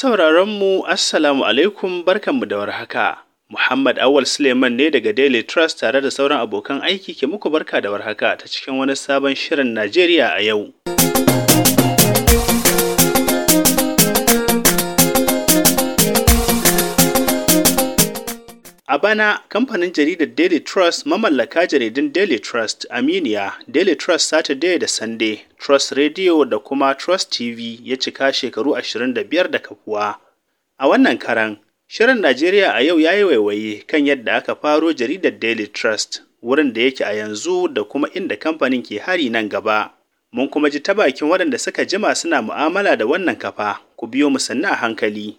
Masu sauraronmu, Assalamu alaikum barkanmu da warhaka. Muhammad Awal Suleiman ne daga Daily Trust tare da sauran abokan aiki ke muku barka da warhaka ta cikin wani sabon shirin Najeriya a yau. A bana, kamfanin jaridar Daily Trust, mamallaka jaridun Daily Trust, Aminiya, Daily Trust Saturday da Sunday, Trust Radio da kuma Trust TV ya cika shekaru 25 da kafuwa. A wannan karan, Shirin Najeriya a yau ya yi waiwaye kan yadda aka faro jaridar Daily Trust, wurin da yake a yanzu da kuma inda kamfanin ke hari nan gaba. Mun kuma ji ta bakin waɗanda suka jima suna mu'amala da wannan kafa, ku biyo mu sannu a hankali.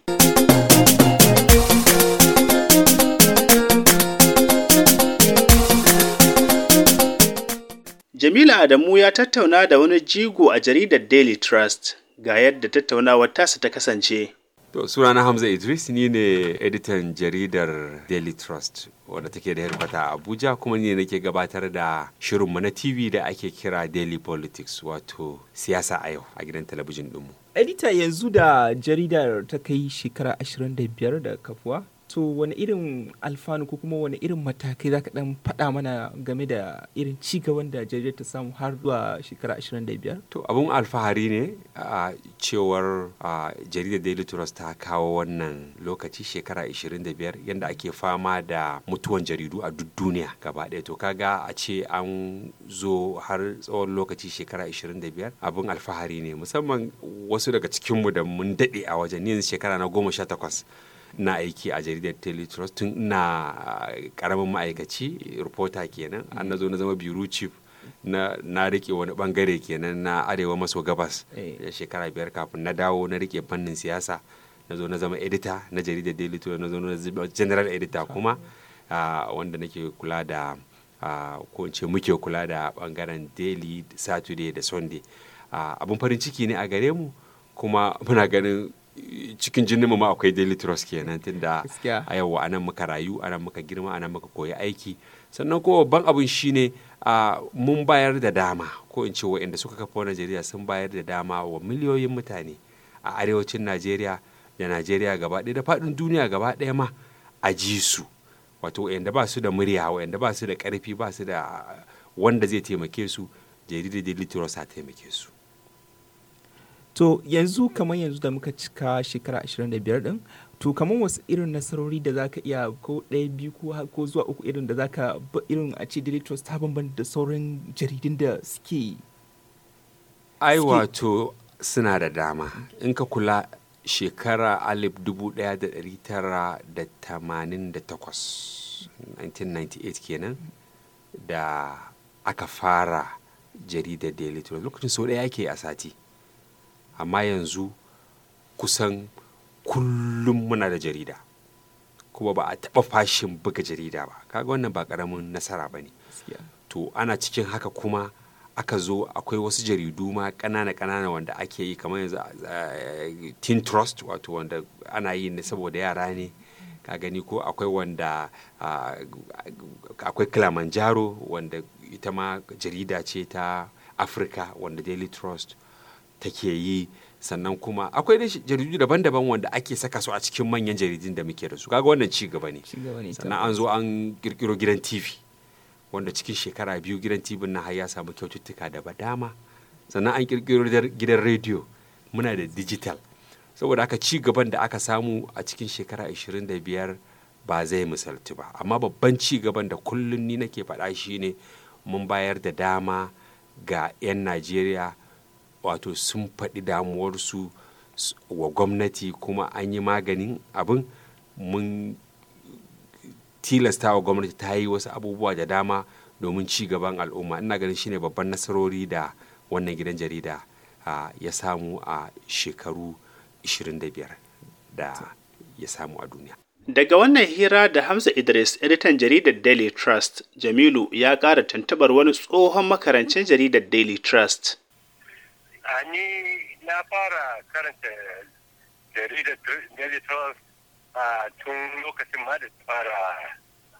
Jamilu Adamu ya tattauna da wani jigo a jaridar Daily Trust ga yadda tattaunawar tasa ta kasance. To sunana Hamza Idris ni ne editan jaridar Daily Trust wanda take da harkwata a Abuja kuma ne nake gabatar da shirinmu na TV da ake kira Daily Politics wato siyasa a yau a gidan talabijin ɗinmu. Edita yanzu da jaridar ta kai shekara 25 da kafuwa so wani irin alfanu ko kuma wani irin matakai za ka dan faɗa mana game da irin ci cigaban da jaridar ta samu har zuwa shekara 25 to abun alfahari ne a cewar jaridar daily trust ta kawo wannan lokaci shekara 25 yadda ake fama da mutuwan jaridu a duk duniya gaba ɗaya to kaga a ce an zo har tsawon lokaci shekara 25 abun alfahari ne musamman wasu daga cikinmu da mun daɗe a wajen yanzu shekara na goma sha takwas na aiki a jaridar daily trust tun ina karamin ma'aikaci reporter kenan an na zo na zama bureau chief na, na rike wani bangare kenan na arewa maso gabas eh. shekara biyar kafin na dawo na rike fannin siyasa na zo na zama editor na jaridar daily trust na zo na zama general editor kuma wanda nake kula da ko ce muke kula da bangaren daily saturday da sunday abun farin ciki ne a gare mu kuma muna ganin cikin jinin mu ma akwai daily trust kenan tunda a yau anan muka rayu anan muka girma anan muka koyi aiki sannan kuma babban abin shine mun bayar da dama ko in ce wa'inda suka kafa wa Najeriya sun bayar da dama wa miliyoyin mutane a arewacin Najeriya da Najeriya gaba ɗaya da faɗin duniya gaba ɗaya ma a ji su wato wa'inda ba su da murya wa'inda ba su da ƙarfi ba su da wanda zai taimake su jaridar daily trust ta taimake su to yanzu kamar yanzu da muka cika shekara 25 din to kamar wasu irin nasarori da za ka iya ko ɗaya biyu ko zuwa uku irin da za ka irin a ce directors ta bambanta da sauran jaridun da suke ai wato suna da dama in ka kula shekara 1988 1998 kenan da aka fara jaridar daily trust lokacin sau ɗaya ke a sati amma yanzu kusan kullum muna da jarida kuma ba a taɓa fashin buga jarida ba kaga wannan ba ƙaramin nasara ba ne to ana cikin haka kuma aka zo akwai wasu jaridu ma ƙanana-ƙanana wanda ake yi kamar yanzu eh, trust wato wanda ana yi ne saboda yara ne ka gani ko akwai wanda ah, akwai kilimanjaro wanda ita ma jarida ce ta afirka wanda daily trust take yi sannan kuma akwai dai jaridu daban-daban wanda ake saka su a cikin manyan jaridun da muke da su kaga wannan ci gaba ne sannan an zo an kirkiro gidan tv wanda cikin shekara biyu gidan tv na har ya samu kyaututtuka da dama sannan an kirkiro gidan rediyo muna da digital saboda aka ci gaban da aka samu a cikin shekara 25 ba zai misaltu ba amma babban ci gaban da kullum ni nake faɗa shine mun bayar da dama ga 'yan najeriya wato sun faɗi damuwarsu wa gwamnati kuma an yi maganin abin mun tilasta wa gwamnati ta yi wasu abubuwa da dama domin ci gaban al'umma ina ganin shine babban nasarori da wannan gidan jarida ya samu a shekaru 25 da ya samu a duniya daga wannan hira da hamza idris editan jaridar daily trust jamilu ya kara tantabar wani tsohon makarancin jaridar daily trust a ni na fara karanta jaridar daily trust a tun lokacin ma da ta fara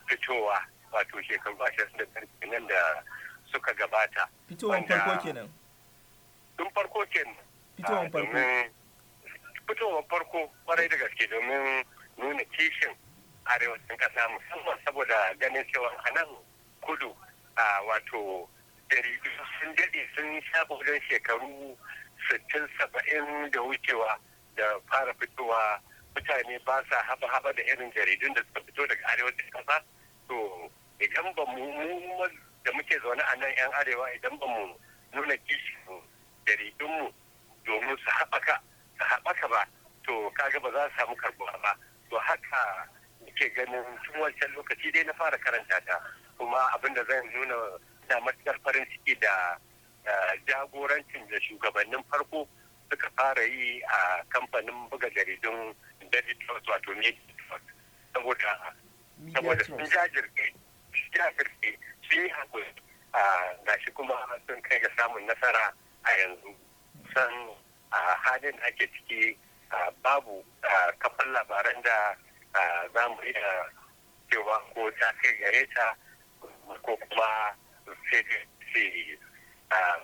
fitowa wato shekaru ashirin da karfi nan da suka gabata fitowar farko kenan tun farko kenan fitowar farko fitowar farko kwarai da gaske domin nuna kishin arewacin kasa musamman saboda ganin cewa a nan kudu a wato sun daɗe sun shafa wajen shekaru sittin saba'in da wucewa da fara fitowa mutane ba sa haba-haba da irin jaridun da suka fito daga arewacin ƙasa to idan ba mu da muke zaune a nan 'yan arewa idan ba mu nuna kishin jaridunmu domin su haɓaka su haɓaka ba to kaga ba za su samu karbuwa ba to haka nake ganin tun wancan lokaci dai na fara karanta ta kuma abin da zan nuna ina matuƙar farin ciki da eh, jagorancin da shugabannin farko suka fara yi a kamfanin buga jaridun David Trust wato Media Trust saboda saboda sun jajirce sun yi hakuri ga shi kuma sun kai ga samun nasara a yanzu san halin ake ciki babu kafan labaran da za mu iya cewa ko ta kai gare ta ko kuma Ah,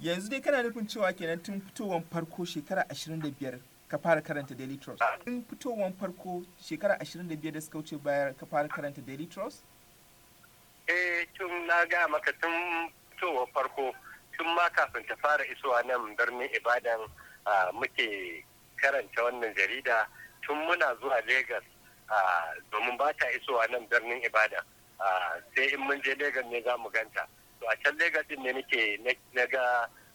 yanzu dai kana nufin cewa kenan tun fitowar farko shekara 25 ka fara karanta daily trust ah. tun fitowar farko shekara 25 da suka wuce bayar ka fara karanta daily trust eh tun na ga maka tun fitowar farko tun ma kafin ta fara isowa nan birnin ibadan ah, muke karanta wannan jarida tun muna zuwa lagos domin ba ta isowa nan birnin ibadan sai in mun je Legas ne za mu ganta to a can Legas din ne nake na ga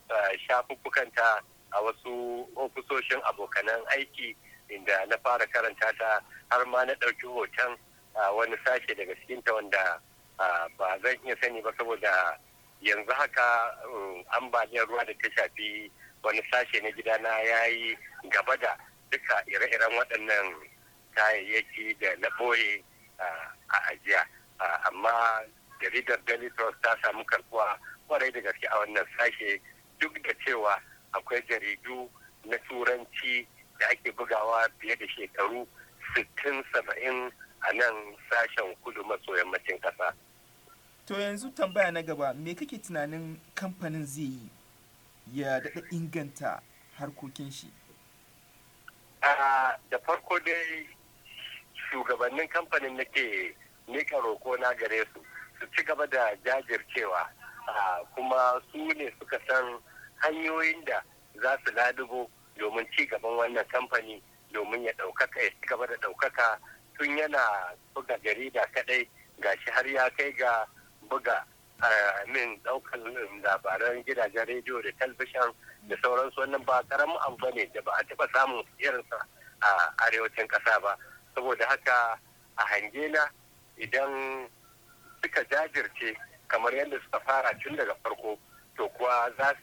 ta a wasu ofisoshin abokanan aiki inda na fara karanta ta har ma na ɗauki hoton wani sashe daga cikin ta wanda ba zan iya sani ba saboda yanzu haka um, ambaliyar ruwa da ta shafi wani sashe na na ya yi gaba da duka ire-iren waɗannan kayayyaki da na boye a ajiya. amma jaridar daily trust ta samu karbuwa kwarai da gaske a wannan sashe duk da cewa akwai jaridu na turanci da ake bugawa fiye da shekaru 60-70 a nan sashen kudu maso yammacin ƙasa. To yanzu tambaya na gaba me kake tunanin kamfanin zai yi ya daɗa inganta harkokin shi? Da farko dai shugabannin kamfanin nake nika roko na gare su su ci gaba da jajircewa ah, kuma su ne suka san hanyoyin da za su ladugo domin ci gaban wannan kamfani domin ya ɗaukaka ya ci gaba da ɗaukaka tun yana buga jarida kaɗai gashi har ya kai ga buga ah, min ɗaukar mm, labaran gidajen rediyo da talbishan da sauransu wannan ba karamin abu ne da ba a taba samun irinsa a arewacin ƙasa ba saboda haka a hange na idan suka jajirce kamar yadda suka fara tun daga farko to kuwa za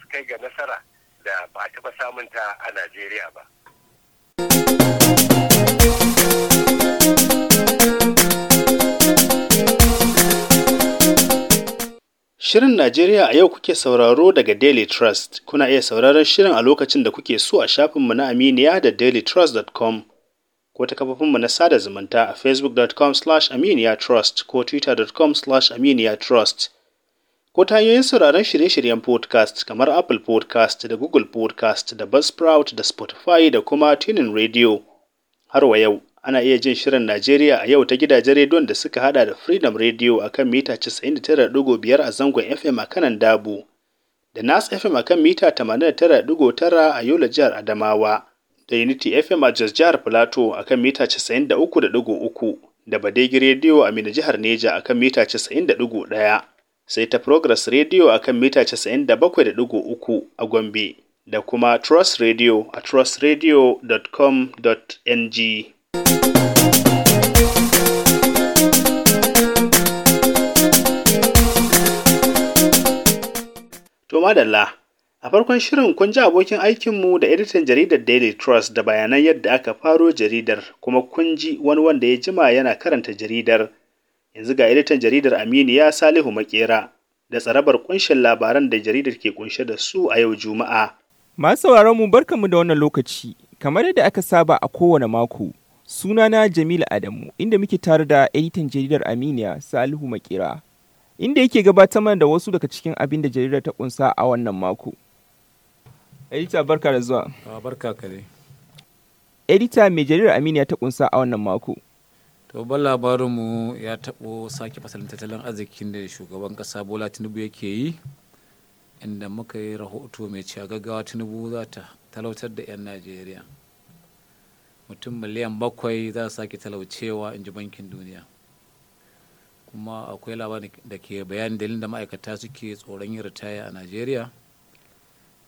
su kai ga nasara da ba a taɓa samunta a najeriya ba Shirin Najeriya a yau kuke sauraro daga Daily Trust. Kuna iya sauraron shirin a lokacin da kuke so a shafinmu na Aminiya da dailytrust.com ko ta mu na sada zumunta a facebook.com slash aminiyatrust ko twitter.com slash aminiyatrust ko ta hanyoyin sauraron shirye-shiryen podcast kamar apple podcast da google podcast da buzzsprout da spotify da kuma tunin radio har wa yau ana iya jin shirin Najeriya a yau ta gidajen rediyon da suka hada da Freedom Radio a kan mita 99.5 a zangon FM a kanan Dabu, da Nas FM a kan mita 89.9 a Yola jihar Adamawa, da Unity FM a Jos Jihar Filato a kan mita 93.3 da Badegi Radio a Mina Jihar Neja a kan mita 90.1 sai ta Progress Radio a kan mita 97.3 a Gombe da kuma Trust Radio a trustradio.com.ng. To madalla A farkon shirin kun ji abokin aikinmu da editan jaridar Daily Trust da bayanan yadda aka faro jaridar kuma kun ji wani wanda ya jima yana karanta jaridar. Yanzu ga editan jaridar Aminiya Salihu Makera da tsarabar kunshin labaran da jaridar ke kunshe da su a yau Juma'a. Masu sauraron mu barkanmu da wannan lokaci. Kamar yadda aka saba a kowane mako, sunana Jamilu Adamu inda muke tare da editan jaridar Aminiya Salihu Makera. Inda yake gabatar mana da wasu daga cikin abin da jaridar ta kunsa a wannan mako. Edita barka da zuwa. Ah, barka ka dai. Edita mai jarirar Aminiya ta kunsa a wannan mako. To ban labarinmu ya taɓo sake fasalin tattalin arzikin da shugaban ƙasa Bola Tinubu yake yi inda muka yi rahoto mai cewa gaggawa Tinubu za ta talautar da 'yan Najeriya. Mutum miliyan bakwai za su sake talaucewa in ji bankin duniya. Kuma akwai labarin da ke bayanin dalilin da ma'aikata suke tsoron yin ritaya a Najeriya.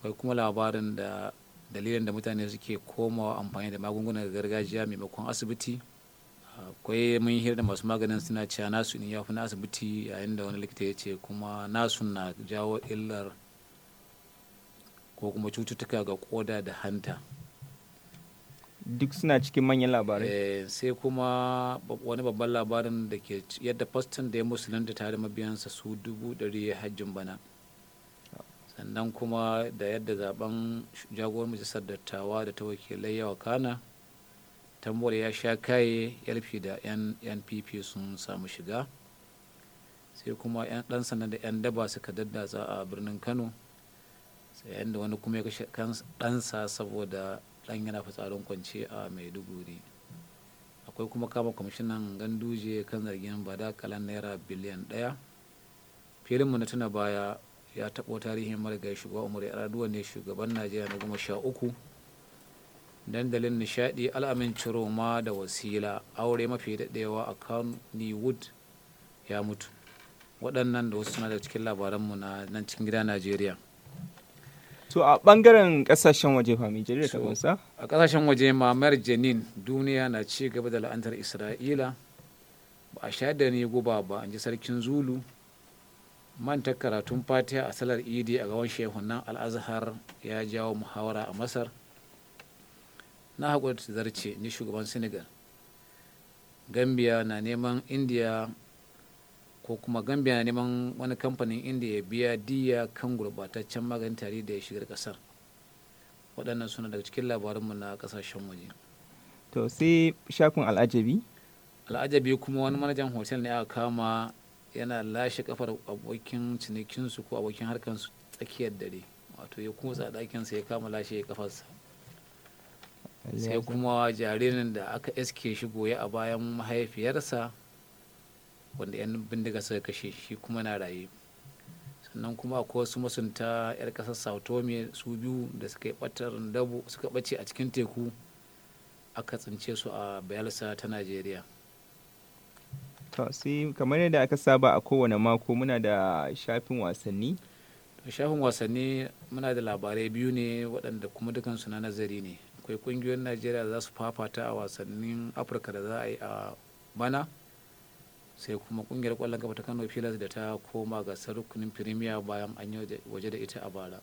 akwai kuma labarin da dalilin da mutane suke komawa amfani da magungunan gargajiya maimakon asibiti akwai mun hira da masu maganin suna cewa nasu ne ya fi na asibiti yayin da wani likita ya ce kuma nasu na jawo illar ko kuma cututtuka ga koda da hanta duk suna cikin manyan labarai eh, sai kuma wani babban labarin da ke yadda faston da ya musulunta tare mabiyansa su dubu ɗari hajjin bana sannan kuma da yadda zaben jagoran majalisar dattawa da ta wakilai yawa kana tambora ya sha kaye yalfi da yan npp sun samu shiga sai kuma 'yan dan sannan da 'yan daba suka daddatsa a birnin kano sai yadda wani kuma ya kashe ɗansa saboda ɗan yana fitsarin kwanci a maiduguri akwai kuma kama kwamishinan ganduje kan zargin kalan naira biliyan ɗaya filinmu na tuna baya ya taɓo tarihin marigayi shugaba umar yar'adua ne shugaban najeriya na goma sha uku dandalin nishadi al'amin ciroma da wasila aure mafi daɗewa a wood ya mutu waɗannan da wasu suna da cikin labaranmu na nan cikin gida najeriya to a ɓangaren ƙasashen waje fa mai jirgin ta a ƙasashen waje mamayar janin duniya na ci gaba da la'antar isra'ila ba a sha da ni guba ba an ji sarkin zulu manta karatun fatiha a salar idi a gawan shehunan al'azhar ya jawo muhawara a masar na haƙurta zarce ni shugaban senegal gambia na neman indiya ko kuma gambia na neman wani kamfanin indiya ya biya diya kan gurbataccen maganin tari da ya shigar ƙasar waɗannan suna daga cikin labarinmu na ƙasashen waje to sai shakun al'ajabi al'ajabi kuma wani manajan hotel ne aka kama yana lashe kafar abokin cinikinsu ko abokin harkansu tsakiyar dare wato ya kusa ɗakinsa ya kama lashe kafarsa sai kuma jaririn da aka iske shi goye a bayan mahaifiyarsa wanda 'yan bindiga suka kashe shi kuma na raye sannan kuma akwai wasu masunta 'yar kasar sao tome su biyu da suka yi suka ɓace a cikin teku aka tsince su a bayelsa ta najeriya To kamar yadda aka saba a kowane mako muna da shafin wasanni. Shafin wasanni muna da labarai biyu ne waɗanda kuma dukansu na nazari ne. Akwai ƙungiyoyin Najeriya za su fafata a wasannin Afirka da za a yi a bana. Sai kuma ƙungiyar ƙwallon kafa ta Kano Pilas da ta koma ga rukunin Firimiya bayan an yi waje da ita a bara.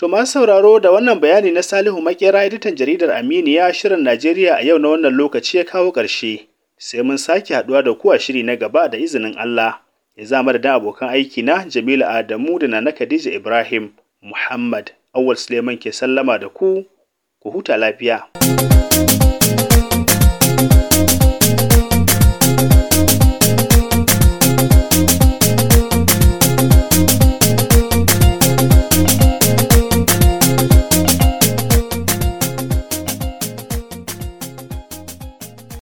To masu sauraro da wannan bayani na Salihu Makera editan jaridar Aminiya shirin Najeriya a yau na wannan lokaci ya kawo ƙarshe. Sai mun sake haɗuwa da kuwa shiri na gaba da izinin Allah. Ya zama da abokan aiki na Jamilu Adamu da Nana Khadija Ibrahim Muhammad Awal Suleiman ke sallama da ku, ku huta lafiya.